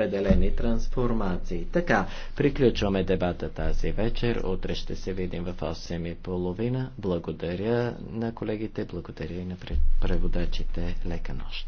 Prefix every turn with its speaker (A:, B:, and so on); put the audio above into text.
A: определени трансформации. Така, приключваме дебата тази вечер. Утре ще се видим в 8.30. Благодаря на колегите, благодаря и на преводачите. Лека нощ!